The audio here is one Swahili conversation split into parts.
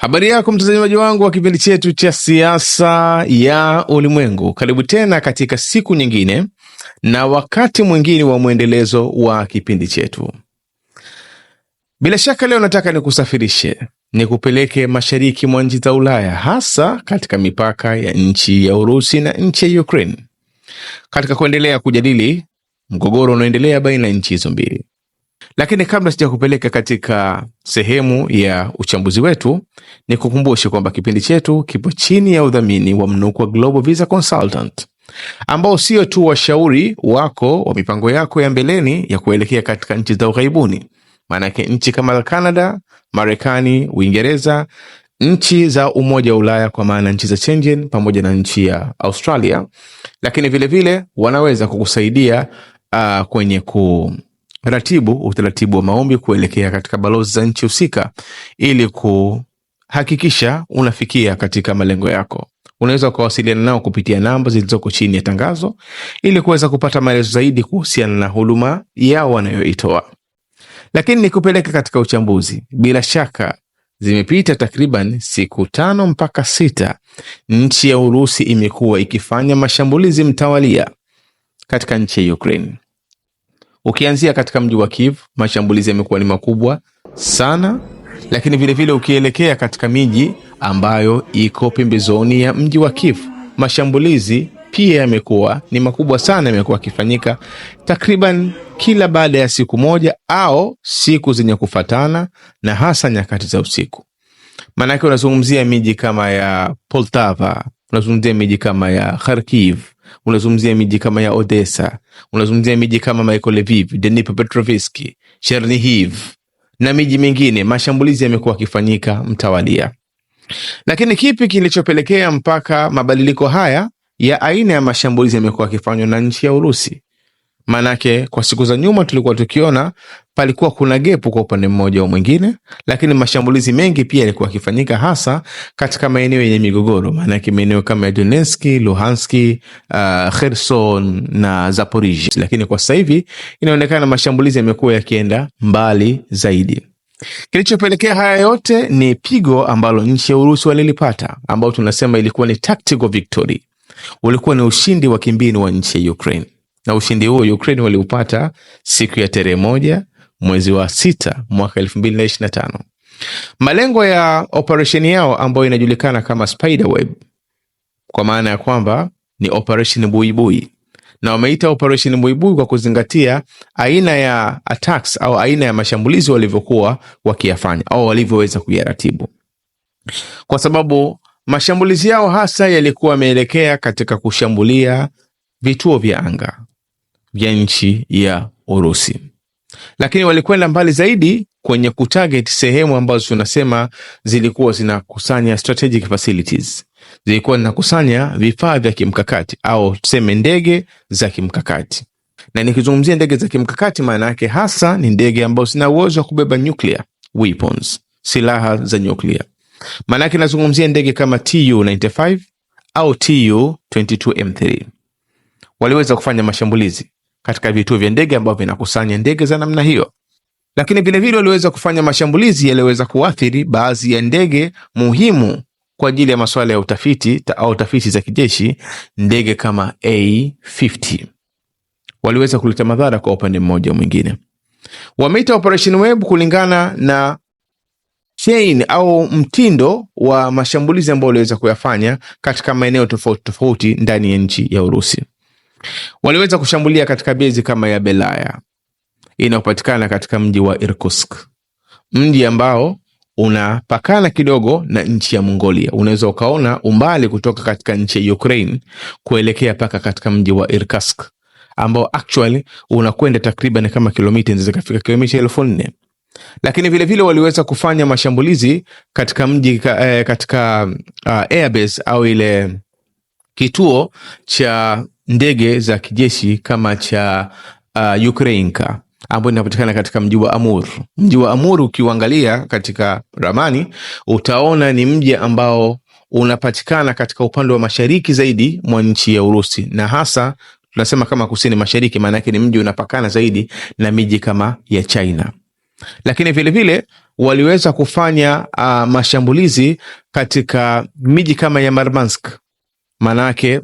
Habari yako mtazamaji wangu wa kipindi chetu cha siasa ya ulimwengu, karibu tena katika siku nyingine na wakati mwingine wa mwendelezo wa kipindi chetu. Bila shaka, leo nataka nikusafirishe, nikupeleke mashariki mwa nchi za Ulaya, hasa katika mipaka ya nchi ya Urusi na nchi ya Ukraine, katika kuendelea kujadili mgogoro unaoendelea baina ya nchi hizo mbili. Lakini kabla sijakupeleka katika sehemu ya uchambuzi wetu, ni kukumbushe kwamba kipindi chetu kipo chini ya udhamini wa Mnukwa Global Visa Consultant ambao sio tu washauri wako wa mipango yako ya mbeleni ya kuelekea katika nchi za ughaibuni, maanake nchi kama Canada, Marekani, Uingereza, nchi za Umoja wa Ulaya kwa maana nchi za chengen pamoja na nchi ya Australia, lakini vilevile vile, wanaweza kukusaidia uh, kwenye ku ratibu utaratibu wa maombi kuelekea katika balozi za nchi husika ili kuhakikisha unafikia katika malengo yako. Unaweza ukawasiliana nao kupitia namba zilizoko chini ya tangazo ili kuweza kupata maelezo zaidi kuhusiana na huduma yao wanayoitoa. Lakini ni kupeleka katika uchambuzi. Bila shaka zimepita takriban siku tano mpaka sita, nchi ya Urusi imekuwa ikifanya mashambulizi mtawalia katika nchi ya Ukraine. Ukianzia katika mji wa Kiev, mashambulizi yamekuwa ni makubwa sana, lakini vilevile ukielekea katika miji ambayo iko pembezoni ya mji wa Kiev, mashambulizi pia yamekuwa ni makubwa sana, yamekuwa yakifanyika takriban kila baada ya siku moja au siku zenye kufatana, na hasa nyakati za usiku. Maanake unazungumzia miji kama ya Poltava, unazungumzia miji kama ya Kharkiv, unazungumzia miji kama ya Odessa, unazungumzia miji kama Mykolaiv, Dnipropetrovsk, Chernihiv na miji mingine, mashambulizi yamekuwa akifanyika mtawalia. Lakini kipi kilichopelekea mpaka mabadiliko haya ya aina ya mashambulizi yamekuwa akifanywa na nchi ya Urusi? Maanake kwa siku za nyuma tulikuwa tukiona palikuwa kuna gepu kwa upande mmoja au mwingine, lakini mashambulizi mengi pia yalikuwa akifanyika hasa katika maeneo yenye migogoro, maanake maeneo kama ya Donetski, Luhanski, uh, Kherson na Zaporiji. Lakini kwa sasa hivi inaonekana mashambulizi yamekuwa yakienda mbali zaidi. Kilichopelekea haya yote ni pigo ambalo nchi ya Urusi walilipata, ambao tunasema ilikuwa ni tactical victory, ulikuwa ni ushindi wa kimbinu wa nchi ya Ukraine na ushindi huo Ukraine waliupata siku ya tarehe moja mwezi wa sita mwaka elfu mbili na ishirini na tano. Malengo ya operesheni yao ambayo inajulikana kama Spiderweb, kwa maana ya kwamba ni operesheni buibui, na wameita operesheni buibui kwa kuzingatia aina ya attacks au aina ya mashambulizi walivyokuwa wakiyafanya au walivyoweza kuyaratibu, kwa sababu mashambulizi yao hasa yalikuwa yameelekea katika kushambulia vituo vya anga vya nchi ya Urusi, lakini walikwenda mbali zaidi kwenye kutarget sehemu ambazo tunasema zilikuwa zinakusanya strategic facilities, zilikuwa zinakusanya vifaa vya kimkakati au tuseme ndege za kimkakati. Na nikizungumzia ndege za kimkakati, maana yake hasa ni ndege ambazo zina uwezo wa kubeba nuclear weapons, silaha za nuclear. Maana yake nazungumzia ndege kama Tu-95 au Tu-22M3 waliweza kufanya mashambulizi katika vituo vya ndege ambavyo vinakusanya ndege za namna hiyo. Lakini vilevile waliweza kufanya mashambulizi yaliyoweza kuathiri baadhi ya ndege muhimu kwa ajili ya masuala ya utafiti ta, au tafiti za kijeshi. Ndege kama A50 waliweza kuleta madhara kwa upande mmoja mwingine. Wameita Operation Web kulingana na chain au mtindo wa mashambulizi ambao waliweza kuyafanya katika maeneo tofauti tofauti ndani ya nchi ya Urusi. Waliweza kushambulia katika bezi kama ya Belaya inayopatikana katika mji wa Irkutsk, mji ambao unapakana kidogo na nchi ya Mongolia. Unaweza ukaona umbali kutoka katika nchi ya Ukraine kuelekea paka katika mji wa Irkutsk ambao actually unakwenda takriban kama kilomita kufika kilomita elfu nne lakini vilevile vile waliweza kufanya mashambulizi katika mji eh, katika uh, airbase au ile kituo cha ndege za kijeshi kama cha uh, Ukrainka ambayo inapatikana katika mji wa Amur. Mji wa Amur ukiuangalia katika ramani utaona ni mji ambao unapatikana katika upande wa mashariki zaidi mwa nchi ya Urusi na hasa tunasema kama kusini mashariki, maana yake ni mji unapakana zaidi na miji kama ya China, lakini vilevile vile, waliweza kufanya uh, mashambulizi katika miji kama ya Murmansk, maanake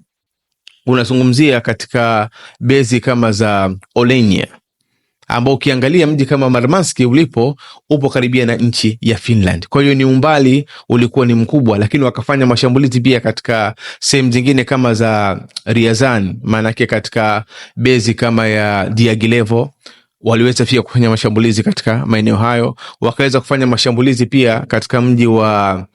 unazungumzia katika bezi kama za Olenia ambao ukiangalia mji kama Marmanski ulipo upo karibia na nchi ya Finland. Kwa hiyo ni umbali ulikuwa ni mkubwa, lakini wakafanya mashambulizi pia katika sehemu zingine kama za riazan maanake katika bezi kama ya Diagilevo waliweza pia kufanya mashambulizi katika maeneo hayo, wakaweza kufanya mashambulizi pia katika mji wa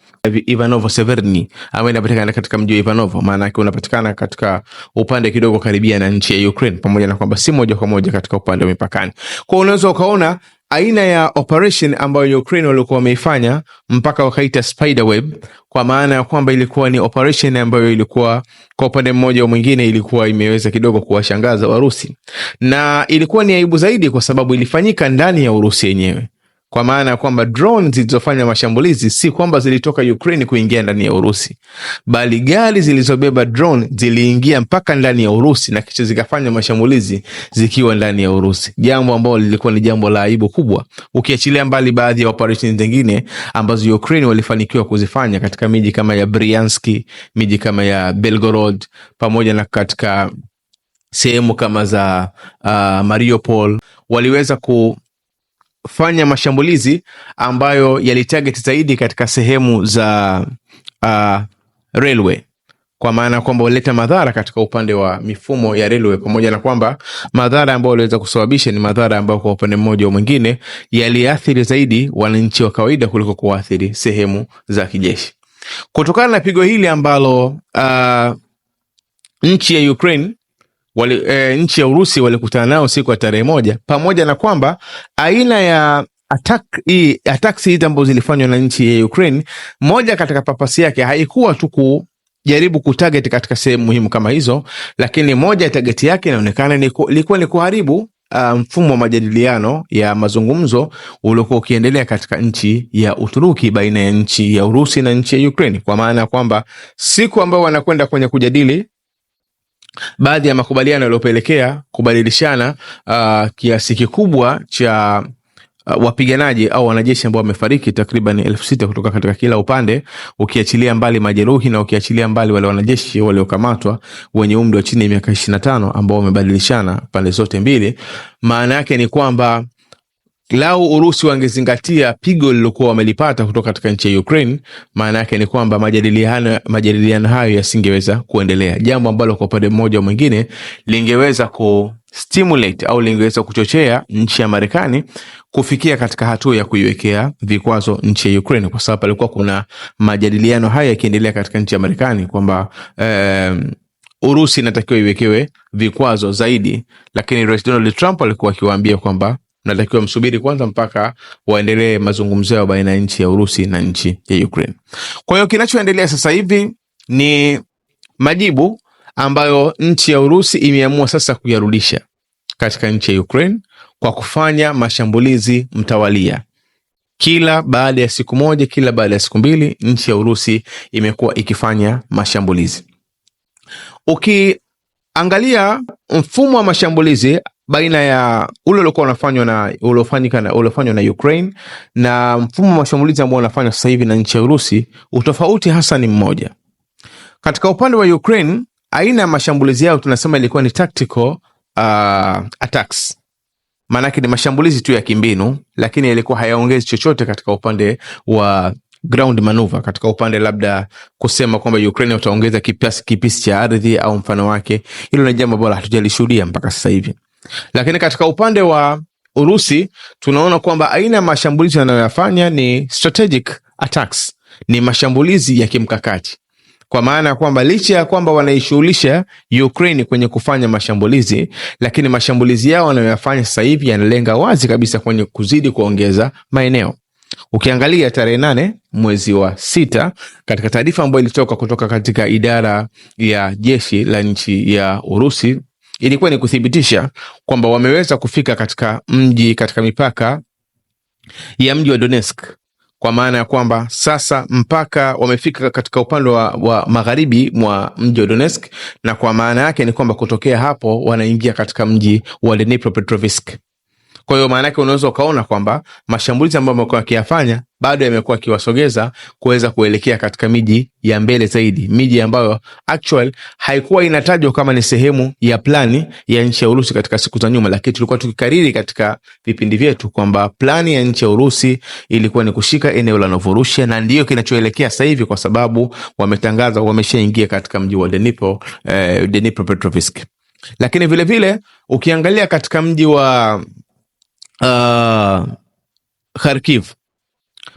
Ivanovo Severni ambayo inapatikana katika mji wa Ivanovo, maana yake unapatikana katika upande kidogo karibia na nchi ya Ukraine, pamoja na kwamba si moja kwa moja katika upande wa mipakani. Kwa unaweza ukaona aina ya operation ambayo Ukraine walikuwa wameifanya mpaka wakaita spiderweb, kwa maana ya kwamba ilikuwa ni operation ambayo ilikuwa kwa upande mmoja au mwingine ilikuwa imeweza kidogo kuwashangaza Warusi, na ilikuwa ni aibu zaidi kwa sababu ilifanyika ndani ya Urusi yenyewe kwa maana ya kwamba drone zilizofanya mashambulizi si kwamba zilitoka Ukraine kuingia ndani ya Urusi, bali gari zilizobeba drone ziliingia mpaka ndani ya Urusi na kisha zikafanya mashambulizi zikiwa ndani ya Urusi, jambo ambalo lilikuwa ni jambo la aibu kubwa, ukiachilia mbali baadhi ya operesheni zingine ambazo Ukraine walifanikiwa kuzifanya katika miji kama ya Bryansk, miji kama ya Belgorod pamoja na katika sehemu kama za uh, Mariupol waliweza ku fanya mashambulizi ambayo yalitarget zaidi katika sehemu za uh, railway kwa maana kwamba walileta madhara katika upande wa mifumo ya railway, pamoja na kwamba madhara ambayo waliweza kusababisha ni madhara ambayo kwa upande mmoja au mwingine yaliathiri zaidi wananchi wa kawaida kuliko kuathiri sehemu za kijeshi. Kutokana na pigo hili ambalo uh, nchi ya Ukraine wali, e, nchi ya Urusi walikutana nao siku ya tarehe moja, pamoja na kwamba aina ya attack hii hizi ambazo zilifanywa na nchi ya Ukraine, moja katika papasi yake haikuwa tu kujaribu kutarget katika sehemu muhimu kama hizo, lakini moja ya target yake inaonekana ilikuwa ni kuharibu mfumo um, wa majadiliano ya mazungumzo uliokuwa ukiendelea katika nchi ya Uturuki baina ya nchi ya Urusi na nchi ya Ukraine, kwa maana ya kwamba siku ambayo wanakwenda kwenye kujadili baadhi ya makubaliano yaliyopelekea kubadilishana uh, kiasi kikubwa cha uh, wapiganaji au wanajeshi ambao wamefariki takriban elfu sita kutoka katika kila upande, ukiachilia mbali majeruhi na ukiachilia mbali wale wanajeshi waliokamatwa wenye umri wa chini ya miaka ishirini na tano ambao wamebadilishana pande zote mbili. Maana yake ni kwamba Lau Urusi wangezingatia pigo lilokuwa wamelipata kutoka katika nchi ya Ukraine, maana yake ni kwamba majadiliano majadiliano hayo yasingeweza kuendelea, jambo ambalo kwa upande mmoja au mwingine lingeweza ku stimulate au lingeweza kuchochea nchi ya Marekani kufikia katika hatua ya kuiwekea vikwazo nchi ya Ukraine, kwa sababu palikuwa kuna majadiliano haya yakiendelea katika nchi ya Marekani kwamba um, Urusi inatakiwa iwekewe vikwazo zaidi, lakini Rais Donald Trump alikuwa akiwaambia kwamba natakiwa msubiri kwanza mpaka waendelee mazungumzo yao baina ya nchi ya Urusi na nchi ya Ukraine. Kwa hiyo kinachoendelea sasa hivi ni majibu ambayo nchi ya Urusi imeamua sasa kuyarudisha katika nchi ya Ukraine kwa kufanya mashambulizi mtawalia kila baada ya siku moja, kila baada ya siku mbili, nchi ya Urusi imekuwa ikifanya mashambulizi. Ukiangalia mfumo wa mashambulizi baina ya ule uliokuwa unafanywa na uliofanyika na uliofanywa na Ukraine na mfumo wa mashambulizi ambao unafanywa sasa hivi na nchi ya Urusi, utofauti hasa ni mmoja. Katika upande wa Ukraine, aina ya mashambulizi yao tunasema ilikuwa ni tactical uh, attacks, maanake ni mashambulizi tu ya kimbinu, lakini yalikuwa hayaongezi chochote katika upande wa ground maneuver, katika upande labda kusema kwamba Ukraine wataongeza kipisi cha ardhi au mfano wake. Hilo ni jambo ambalo hatujalishuhudia mpaka sasa hivi. Lakini katika upande wa Urusi tunaona kwamba aina ya mashambulizi yanayoyafanya ni strategic attacks, ni mashambulizi ya kimkakati, kwa maana ya kwamba licha ya kwamba wanaishughulisha Ukraine kwenye kufanya mashambulizi, lakini mashambulizi yao wanayoyafanya sasa hivi yanalenga wazi kabisa kwenye kuzidi kuongeza maeneo. Ukiangalia tarehe nane mwezi wa sita katika taarifa ambayo ilitoka kutoka katika idara ya jeshi la nchi ya Urusi ilikuwa ni kuthibitisha kwamba wameweza kufika katika mji katika mipaka ya mji wa Donetsk, kwa maana ya kwamba sasa mpaka wamefika katika upande wa, wa magharibi mwa mji wa Donetsk, na kwa maana yake ni kwamba kutokea hapo wanaingia katika mji wa Dnipropetrovsk. Kwa hiyo maana yake unaweza ukaona kwamba mashambulizi ambayo amekuwa akiyafanya bado yamekuwa akiwasogeza kuweza kuelekea katika miji ya mbele zaidi, miji ambayo actual haikuwa inatajwa kama ni sehemu ya plani ya nchi ya Urusi katika siku za nyuma, lakini tulikuwa tukikariri katika vipindi vyetu kwamba plani ya nchi ya Urusi ilikuwa ni kushika eneo la Novorusia, na ndiyo kinachoelekea sasa hivi, kwa sababu wametangaza wameshaingia katika mji wa Dnipro, eh, Dnipropetrovsk. Lakini vilevile vile, ukiangalia katika mji wa Uh, Kharkiv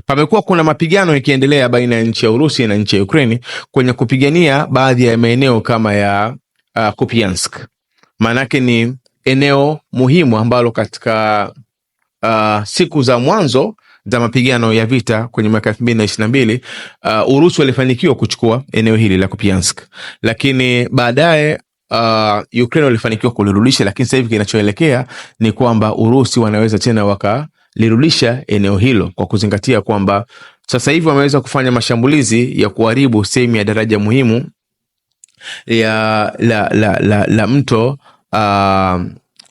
pamekuwa kuna mapigano yakiendelea baina ya nchi ya Urusi na nchi ya Ukraini kwenye kupigania baadhi ya maeneo kama ya uh, Kupiansk. Maanake ni eneo muhimu ambalo katika uh, siku za mwanzo za mapigano ya vita kwenye mwaka elfu mbili na ishirini na mbili uh, Urusi walifanikiwa kuchukua eneo hili la Kupiansk, lakini baadaye uh, Ukraine walifanikiwa kulirudisha, lakini sasa hivi kinachoelekea ni kwamba Urusi wanaweza tena wakalirudisha eneo hilo kwa kuzingatia kwamba sasa hivi wameweza kufanya mashambulizi ya kuharibu sehemu ya daraja muhimu ya la, la, la, la mto uh,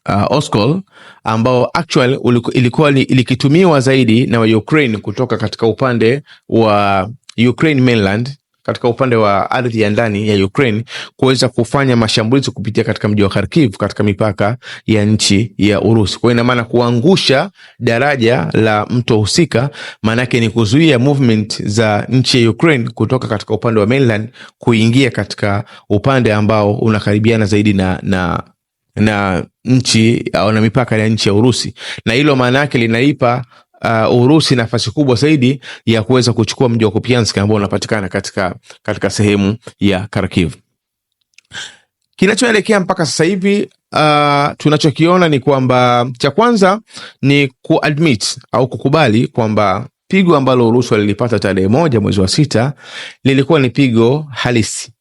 Uh, Oskol ambao actual ilikuwa ilikitumiwa zaidi na wa Ukraine kutoka katika upande wa Ukraine mainland katika upande wa ardhi ya ndani ya Ukraine kuweza kufanya mashambulizi kupitia katika mji wa Kharkiv katika mipaka ya nchi ya Urusi. Kwa hiyo ina maana kuangusha daraja la mto husika, maanake ni kuzuia movement za nchi ya Ukraine kutoka katika upande wa mainland kuingia katika upande ambao unakaribiana zaidi na, na na nchi au na mipaka ya nchi ya Urusi, na hilo maana yake linaipa uh, Urusi nafasi kubwa zaidi ya kuweza kuchukua mji wa Kupiansk ambao unapatikana katika, katika sehemu ya Kharkiv. Kinachoelekea mpaka sasa hivi uh, tunachokiona ni kwamba cha kwanza ni kuadmit au kukubali kwamba pigo ambalo Urusi walilipata tarehe moja mwezi wa sita lilikuwa ni pigo halisi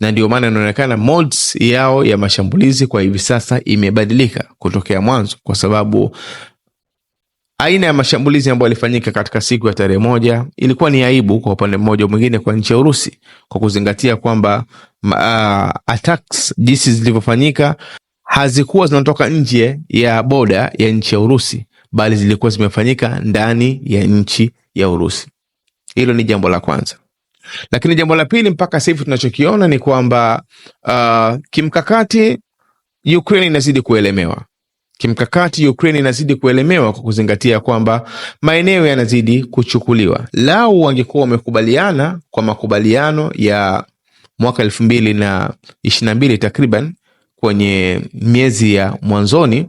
na ndio maana inaonekana yao ya mashambulizi kwa hivi sasa imebadilika kutokea mwanzo, kwa sababu Aina ya mashambulizi ambayo yalifanyika katika siku ya tarehe moja ilikuwa ni aibu kwa upande mmoja mwingine kwa nchi ya Urusi kwa kuzingatia kwamba uh, attacks jinsi zilivyofanyika hazikuwa zinatoka nje ya boda ya nchi ya Urusi bali zilikuwa zimefanyika ndani ya nchi ya Urusi. Hilo ni jambo la kwanza, lakini jambo la pili mpaka sasa hivi tunachokiona ni kwamba uh, kimkakati Ukraine inazidi kuelemewa Kimkakati, Ukraine inazidi kuelemewa kwa kuzingatia kwamba maeneo yanazidi kuchukuliwa. Lau wangekuwa wamekubaliana kwa makubaliano ya mwaka elfu mbili na ishirini na mbili takriban kwenye miezi ya mwanzoni,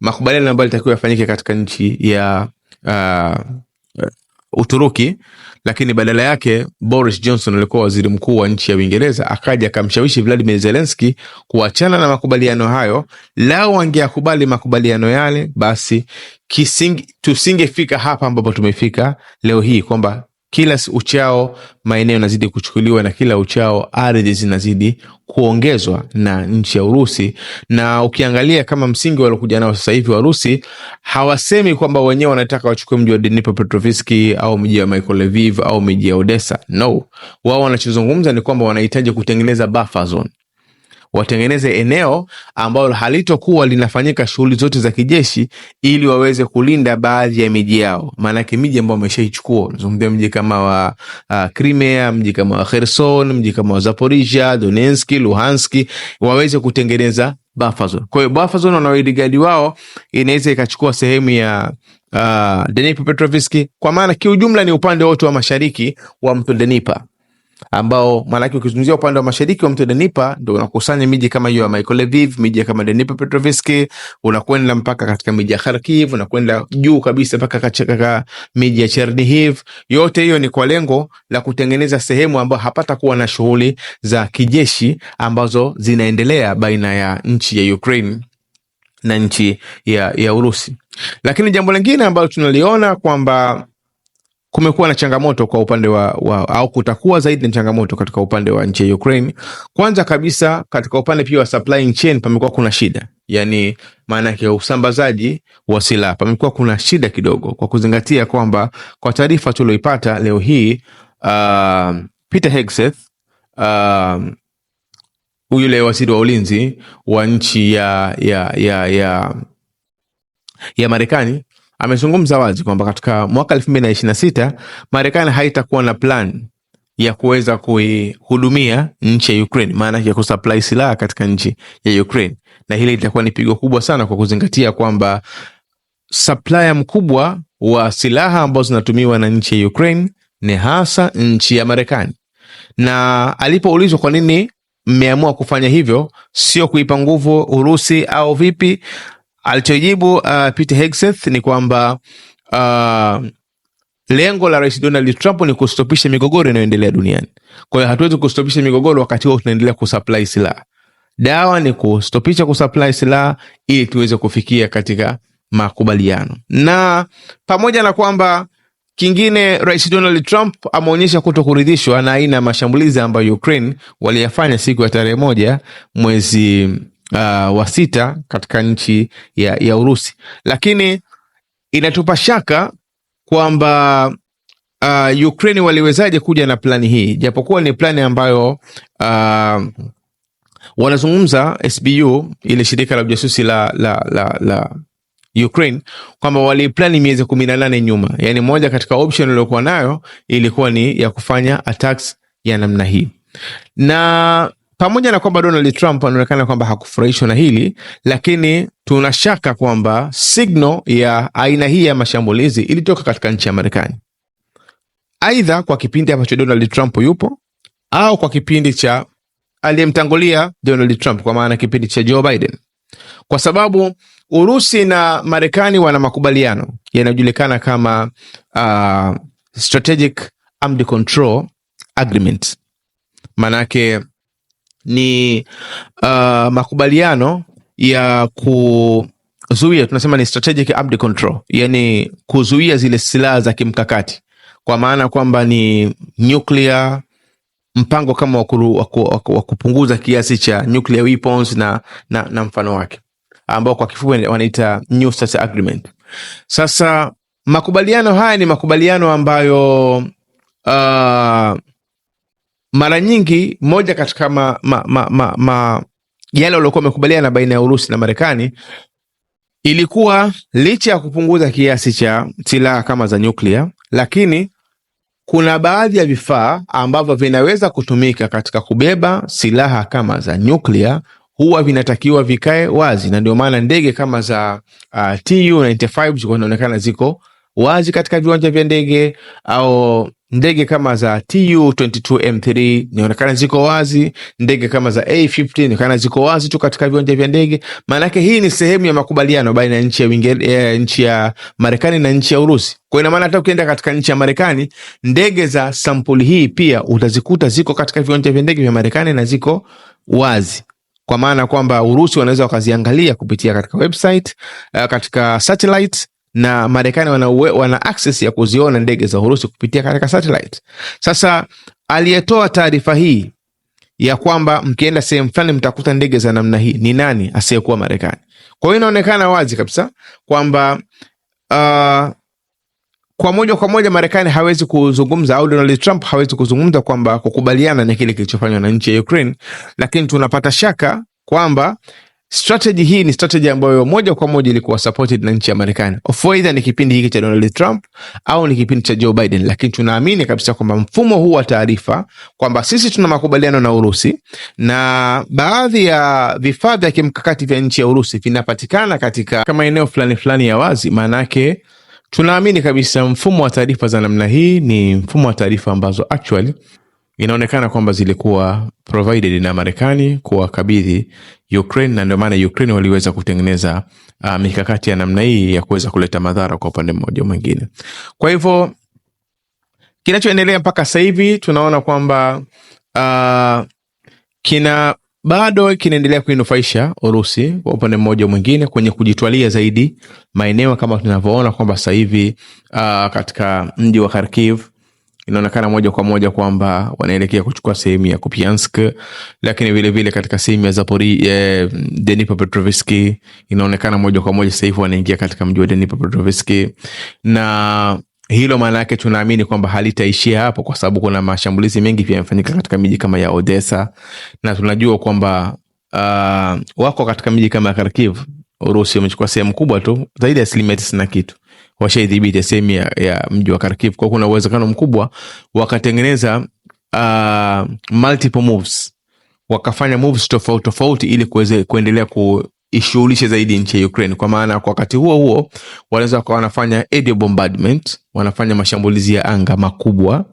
makubaliano ambayo alitakiwa yafanyike katika nchi ya uh, Uturuki, lakini badala yake Boris Johnson alikuwa waziri mkuu wa nchi ya Uingereza, akaja akamshawishi Vladimir zelenski kuachana na makubaliano hayo. Lao wangeakubali makubaliano yale, basi tusingefika hapa ambapo tumefika leo hii, kwamba kila uchao maeneo yanazidi kuchukuliwa na kila uchao ardhi zinazidi kuongezwa na nchi ya Urusi. Na ukiangalia kama msingi waliokuja nao sasa hivi Warusi hawasemi kwamba wenyewe wanataka wachukue mji wa Dnipropetrovsk au mji wa Mykolaiv au miji ya Odessa. No, wao wanachozungumza ni kwamba wanahitaji kutengeneza buffer zone, watengeneze eneo ambalo halitokuwa linafanyika shughuli zote za kijeshi, ili waweze kulinda baadhi ya miji yao, maanake miji ambayo wameshaichukua. Nazungumzia mji kama wa uh, Crimea, mji kama wa Kherson, mji kama wa Zaporizhia, Donetsk, Luhansk, waweze kutengeneza buffer zone. Kwa hiyo buffer zone wanaoidigadi wao inaweza ikachukua sehemu ya uh, Dnipropetrovsk, kwa maana kiujumla ni upande wote wa mashariki wa mto Dnipa ambao maanake ukizungumzia upande wa mashariki wa mto Danipa ndo unakusanya miji kama hiyo ya Michael Lviv, miji kama Danipa Petrovski, unakwenda mpaka katika miji ya Kharkiv, unakwenda juu kabisa mpaka katika miji ya Chernihiv. Yote hiyo ni kwa lengo la kutengeneza sehemu ambayo hapata kuwa na shughuli za kijeshi ambazo zinaendelea baina ya nchi ya Ukraine na nchi ya, ya Urusi. Lakini jambo lingine ambalo tunaliona kwamba kumekuwa na changamoto kwa upande wa, wa au kutakuwa zaidi na changamoto katika upande wa nchi ya Ukraine. Kwanza kabisa katika upande pia wa supply chain pamekuwa kuna shida, yani maana yake usambazaji wa silaha pamekuwa kuna shida kidogo, kwa kuzingatia kwamba kwa taarifa tulioipata leo hii uh, Peter Hegseth uh, yule waziri wa ulinzi wa nchi ya, ya, ya, ya, ya Marekani amezungumza wazi kwamba katika mwaka sita Marekani haitakuwa na plan ya kuweza kuihudumia nchi ya Ukraine, maana ya kusupply silaha katika nchi ya Ukraine, na hili litakuwa ni pigo kubwa sana, kwa kuzingatia kwamba supplier mkubwa wa silaha ambazo zinatumiwa na nchi ya Ukraine ni hasa nchi ya Marekani. Na alipoulizwa kwa nini mmeamua kufanya hivyo, sio kuipa nguvu Urusi au vipi, Alichojibu uh, Pete Hegseth ni kwamba uh, lengo la Rais Donald Trump ni kustopisha migogoro inayoendelea duniani. Kwa hiyo hatuwezi kustopisha migogoro wakati huo tunaendelea kusupply silaha. Dawa ni kustopisha kusupply silaha ili tuweze kufikia katika makubaliano. Na pamoja na kwamba kingine, Rais Donald Trump ameonyesha kuto kuridhishwa na aina ya mashambulizi ambayo Ukraine waliyafanya siku ya tarehe moja mwezi uh, wa sita katika nchi ya, ya Urusi, lakini inatupa shaka kwamba uh, Ukraine waliwezaje kuja na plani hii, japokuwa ni plani ambayo uh, wanazungumza SBU ile shirika la ujasusi la, la, la, la Ukraine kwamba waliplani miezi kumi na nane nyuma. Yani moja katika option waliokuwa nayo ilikuwa ni ya kufanya attacks ya namna hii na pamoja na kwamba Donald Trump anaonekana kwamba hakufurahishwa na hili, lakini tuna shaka kwamba signal ya aina hii ya mashambulizi ilitoka katika nchi ya Marekani, aidha kwa kipindi ambacho Donald Trump yupo au kwa kipindi cha aliyemtangulia Donald Trump, kwa maana kipindi cha Joe Biden, kwa sababu Urusi na Marekani wana makubaliano yanayojulikana kama uh, strategic armed control agreement, maanake ni uh, makubaliano ya kuzuia, tunasema ni strategic armed control, yani kuzuia zile silaha za kimkakati, kwa maana kwamba ni nuclear mpango kama wa kupunguza kiasi cha nuclear weapons na, na, na mfano wake ambao kwa kifupi wanaita New START Agreement. Sasa makubaliano haya ni makubaliano ambayo uh, mara nyingi moja katika ma, ma, ma, ma, ma, yale waliokuwa wamekubaliana baina ya Urusi na Marekani ilikuwa licha ya kupunguza kiasi cha silaha kama za nyuklia, lakini kuna baadhi ya vifaa ambavyo vinaweza kutumika katika kubeba silaha kama za nyuklia huwa vinatakiwa vikae wazi, na ndio maana ndege kama za uh, tu95 zinaonekana ziko wazi katika viwanja vya ndege au ndege kama za Tu-22M3 inaonekana ziko wazi, ndege kama za A50 inaonekana ziko wazi tu katika viwanja vya ndege. Maanake hii ni sehemu ya makubaliano baina ya nchi ya Uingereza, nchi ya Marekani na nchi ya Urusi. Kwa ina maana hata ukienda katika nchi ya Marekani, ndege za sampuli hii pia utazikuta ziko katika viwanja vya ndege vya Marekani na ziko wazi kwa maana kwamba Urusi wanaweza wakaziangalia kupitia katika website, eh, katika satellite na Marekani wana, wana access ya kuziona ndege za Urusi kupitia katika satellite. Sasa aliyetoa taarifa hii ya kwamba mkienda sehemu fulani mtakuta ndege za namna hii ni nani asiyekuwa Marekani? Kwa hiyo inaonekana wazi kabisa kwamba uh, kwa moja kwa moja Marekani hawezi kuzungumza au Donald Trump hawezi kuzungumza kwamba kukubaliana na kile kilichofanywa na nchi ya Ukraine, lakini tunapata shaka kwamba Strategy hii ni strategy ambayo moja kwa moja ilikuwa supported na nchi ya Marekani. Of either ni kipindi hiki cha Donald Trump au ni kipindi cha Joe Biden, lakini tunaamini kabisa kwamba mfumo huu wa taarifa kwamba sisi tuna makubaliano na Urusi na baadhi ya vifaa vya kimkakati vya nchi ya Urusi vinapatikana katika maeneo fulani fulani ya wazi, maanake tunaamini kabisa mfumo wa taarifa za namna hii ni mfumo wa taarifa ambazo actually inaonekana kwamba zilikuwa provided na Marekani kuwakabidhi Ukraine, na ndio maana Ukraine waliweza kutengeneza uh, mikakati ya namna hii ya kuweza kuleta madhara kwa upande mmoja mwingine. Kwa hivyo kinachoendelea mpaka sasa hivi tunaona kwamba uh, kina bado kinaendelea kuinufaisha Urusi kwa upande mmoja mwingine kwenye kujitwalia zaidi maeneo kama tunavyoona kwamba sasa hivi uh, katika mji wa Kharkiv inaonekana moja kwa moja kwamba wanaelekea kuchukua sehemu ya Kupiansk, lakini vile vile katika sehemu ya Zapori, eh, Dnipropetrovsk inaonekana moja kwa moja sasa hivi wanaingia katika mji wa Dnipropetrovsk na hilo maana yake tunaamini kwamba halitaishia hapo, kwa sababu kuna mashambulizi mengi pia yamefanyika katika miji kama ya Odessa na tunajua kwamba uh, wako katika miji kama ya Kharkiv. Urusi wamechukua sehemu kubwa tu zaidi ya asilimia tisini na kitu washaidhibiti sehemu ya, ya mji wa Kharkiv. Kwa kuna uwezekano mkubwa wakatengeneza uh, multiple moves, wakafanya moves tofauti tofauti ili kuweze kuendelea ku ishughulishe zaidi nchi ya Ukraine. Kwa maana kwa wakati huo huo wanaweza wakawa wanafanya aerial bombardment, wanafanya mashambulizi ya anga makubwa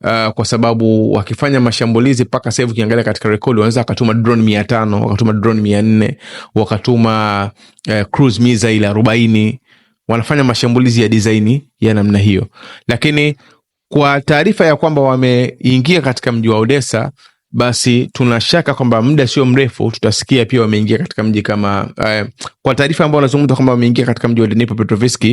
Uh, kwa sababu wakifanya mashambulizi mpaka sasa hivi ukiangalia katika rekodi wanaweza wakatuma drone mia tano wakatuma drone mia nne wakatuma uh, cruise missile arobaini wanafanya mashambulizi ya disaini ya namna hiyo, lakini kwa taarifa ya kwamba wameingia katika mji wa Odessa basi tunashaka kwamba muda sio mrefu tutasikia pia wameingia katika mji kama eh, kwa taarifa ambao wanazungumza kwamba wameingia katika mji wa Dnipro Petrovsk,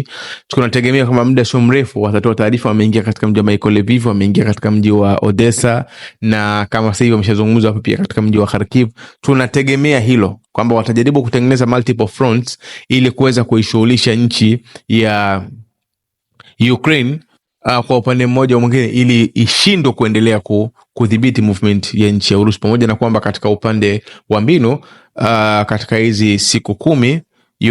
tunategemea kwamba muda sio mrefu watatoa taarifa wameingia katika mji wa Mykolaiv, wameingia katika mji wa Odessa na kama sasa hivi wameshazungumza hapo pia katika mji wa Kharkiv. Tunategemea hilo kwamba watajaribu kutengeneza multiple fronts ili kuweza kuishughulisha nchi ya Ukraine uh, kwa upande mmoja mwingine ili ishindwe kuendelea ku, kudhibiti movement ya nchi ya Urusi, pamoja na kwamba katika upande wa mbinu uh, katika hizi siku kumi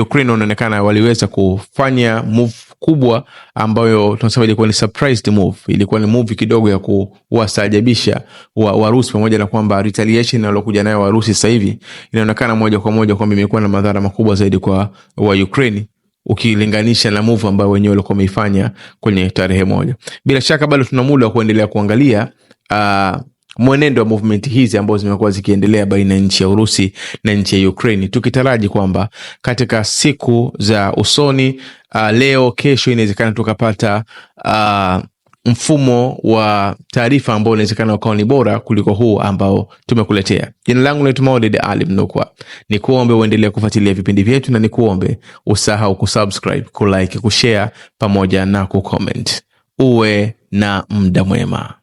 Ukraine wanaonekana waliweza kufanya move kubwa ambayo tunasema ilikuwa ni surprised move, ilikuwa ni move kidogo ya kuwasajabisha Warusi wa pamoja na kwamba retaliation waliokuja nayo Warusi sasa hivi inaonekana moja kwa moja kwamba imekuwa na madhara makubwa zaidi kwa wa Ukraine ukilinganisha na move ambayo wenyewe walikuwa wameifanya kwenye tarehe moja. Bila shaka bado tuna muda wa kuendelea kuangalia uh, mwenendo wa movement hizi ambazo zimekuwa zikiendelea baina ya nchi ya Urusi na nchi ya Ukraine, tukitaraji kwamba katika siku za usoni, uh, leo kesho, inawezekana tukapata uh, mfumo wa taarifa ambao unawezekana ukawa ni bora kuliko huu ambao tumekuletea. Jina langu naitwa Maulid Ali Mnukwa, ni kuombe uendelee kufuatilia vipindi vyetu na ni kuombe usahau kusubscribe, kulike, kushare pamoja na kucomment. Uwe na muda mwema.